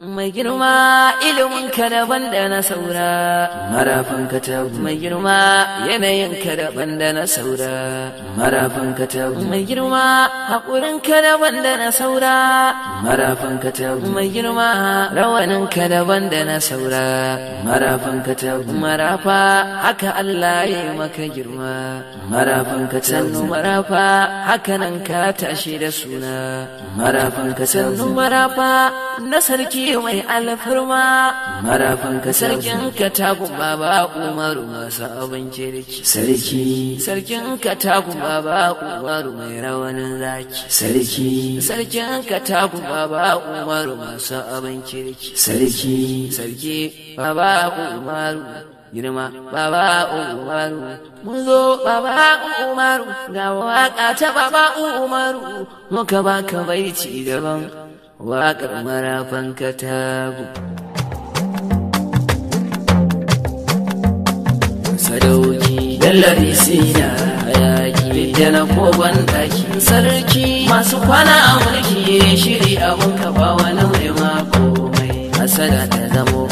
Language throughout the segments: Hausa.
Mai girma ka daban da na saura, ka ta Mai girma ka daban da na saura, ka ta Mai girma ka daban da na saura, ka ta Mai girma ka daban da na saura, ka ta Marafa haka Allah ya maka girma, ka ta Marafa haka nan ka tashi da suna, ka ta Marafa na sarki sarki mai alfarma marafin ka sarkin ka tagun ba umaru masu abin kirki sarki sarkin ka tagun ba umaru mai rawanin zaki sarki sarkin ka tagun ba umaru masu abin kirki sarki sarki ba umaru girma baba umaru mun zo baba umaru ga waka ta baba umaru muka baka baiti daban waƙar marafan katagu sadauki dallabi sina hayaki na ko daki sarki masu kwana a mulki shiri abun kafa wa nauyi mako mai hasada ta zamo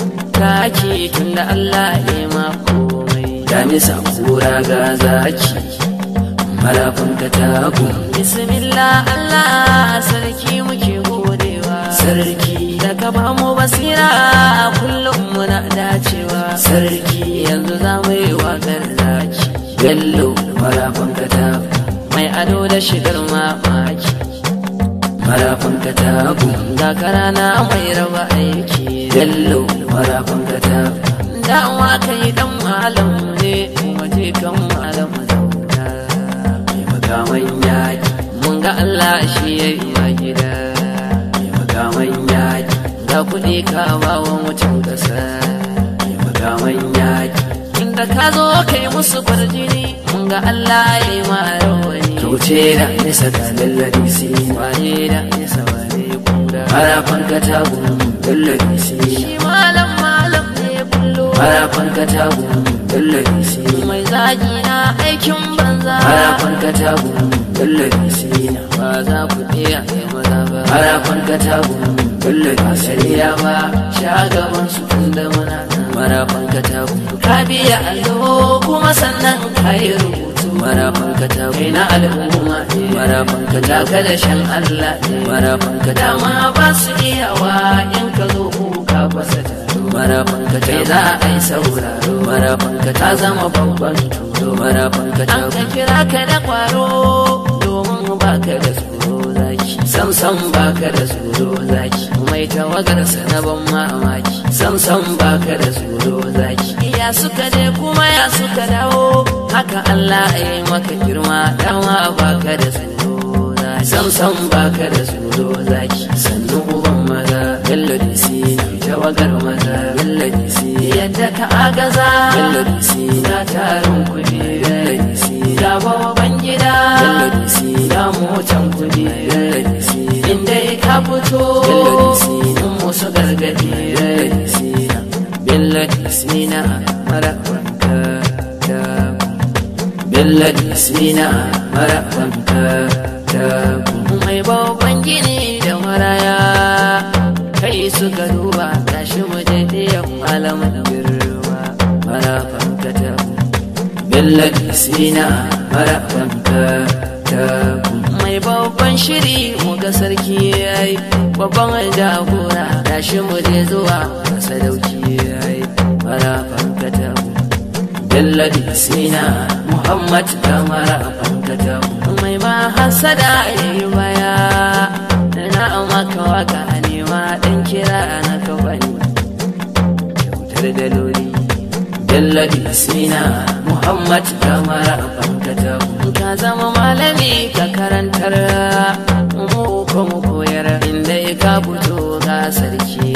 taki tun da allah ne mako mai damisa kura ga zaki marafin katagu bismillah allah sarki muke sarki da ka ba mu basira A kullum muna dacewa sarki yanzu za mu yi wa zaki yallo marafin kata mai ado da shigar mamaki marafin kata ka rana mai raba aiki yallo marafin kata ka kai dan malam ne kuma je kan malam zauna mai makaman yaki mun ga Allah shi yayi kuɗi ka ba wa mutum ƙasa ya maga manya inda ka zo kai musu farjini mun ga Allah ya yi ma rawani kyauce da nisa da lallari si waye da nisa ne kura Mara fanka ta gun lallari si shi malam malam ne bullo Mara fanka ta gun tallafi na mai zagi na aikin banza harafan katagun tallafi sai na ba za ku ɗaya ya maza ba harafan katagun tallafi sai ya ba shagaban su tun da mana marafan katagun ka biya allo kuma sannan ka yi rubutu marafan katagun kai na al'umma marafan katagun kada shan allah marafan katagun dama ba su iyawa in ka zo ka kwasa marafan ka ce za a yi sauraro marafan ka ta zama babban turo marafan ka ta ka kira ka da kwaro domin baka da tsoro zaki samsam baka da tsoro zaki mai tawagar na ban mamaki samsam baka da tsoro zaki ya suka je kuma ya suka dawo haka Allah ya yi maka girma dama baka da tsoro zaki samsam baka da tsoro zaki sannu uban maza bello da sini tawagar maza ta agaza na tarin kudi da bawa gida gida da motan kuɗi inda ka fito in musu gargaɗi billadisi na marabanka da billadisi na marabanka da mai bawa gini da maraya kai suka duba sina harafanka ta mai babban shiri muka sarki yayi babban jagora tashi mu je zuwa sadauki yayi harafanka ta da sina muhammad ta harafanka ta mai ba hasada yayi baya na maka waka nema dan kira waladi sina muhammad kamara bankata ka zama malami ka karantar mu ko mu koyar inda ka fito ga sarki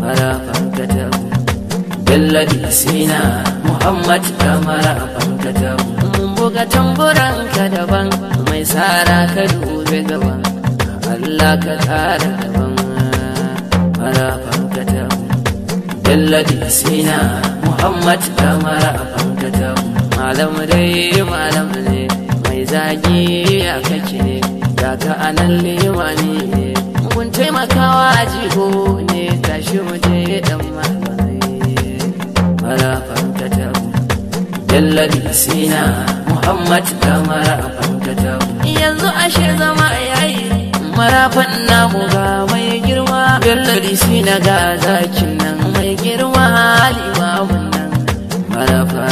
mara bankata belladi sina muhammad kamara bankata mun buga tamburan ka daban mai tsara ka dube gaban allah ka tsara gaban mara bankata belladi sina Muhammad da mara abangata malam dai malam ne mai zagi ya kake ne ga ka anan limani ne mun taimakawa a jiho ne tashi mu je dan malamai mara abangata jalladi sina Muhammad da mara abangata yanzu ashe zama yayi marafan namu ga mai Bello si na ga zakin nan mai girma halima wannan marafa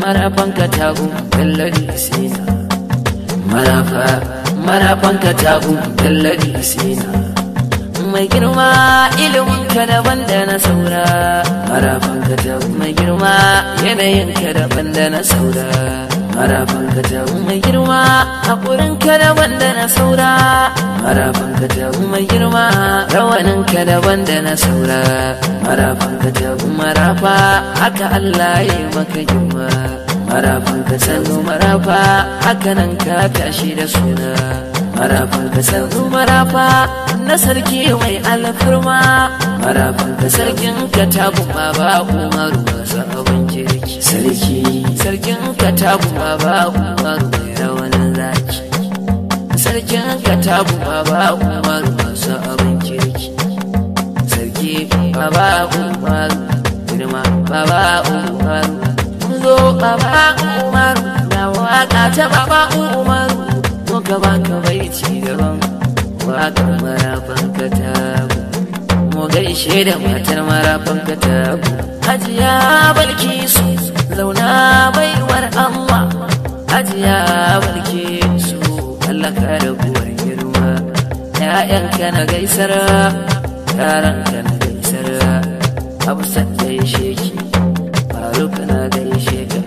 marafan ka tagu Bello si na marafa marafan ka tagu Bello si na mai girma ilimin ka daban da na saura marafan ka tagu mai girma yanayin ka daban da na saura maraban ka ta mai girma haƙurin ka daban da na saura maraban ka ta mai girma rawanin ka daban da na saura maraban ka tabu marafa haka Allah ya yi maka girma marafin ka sanu marafa haka nan ka tashi da suna marafin ka sanu marafa na sarki mai alfarma marafin ka sarkin ka ta kuma ba umaru masu abin kirki sarki sarkin katabu ma ba umaru mai rawanin zaki sarkin katabu ma ba umaru masu abin kirki sarki ma ba umaru girma ma ba umaru zo ma ba umaru na waka ta ma ba ka muka ka bai ci gaban wakar marafan katabu mu gaishe da matar marafan katabu hajiya balki 'ya'yanka na gaisar yaranka na gaisar abu gaishe ki faruk na gaishe ka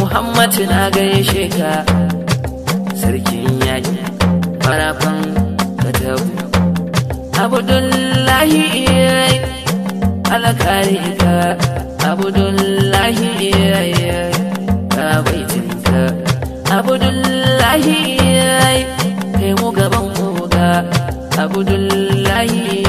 muhammad na gaishe ka sarkin yaƙi farafan katabu abdullahi alakari ka abdullahi ka baitinka abdullahi عبد الله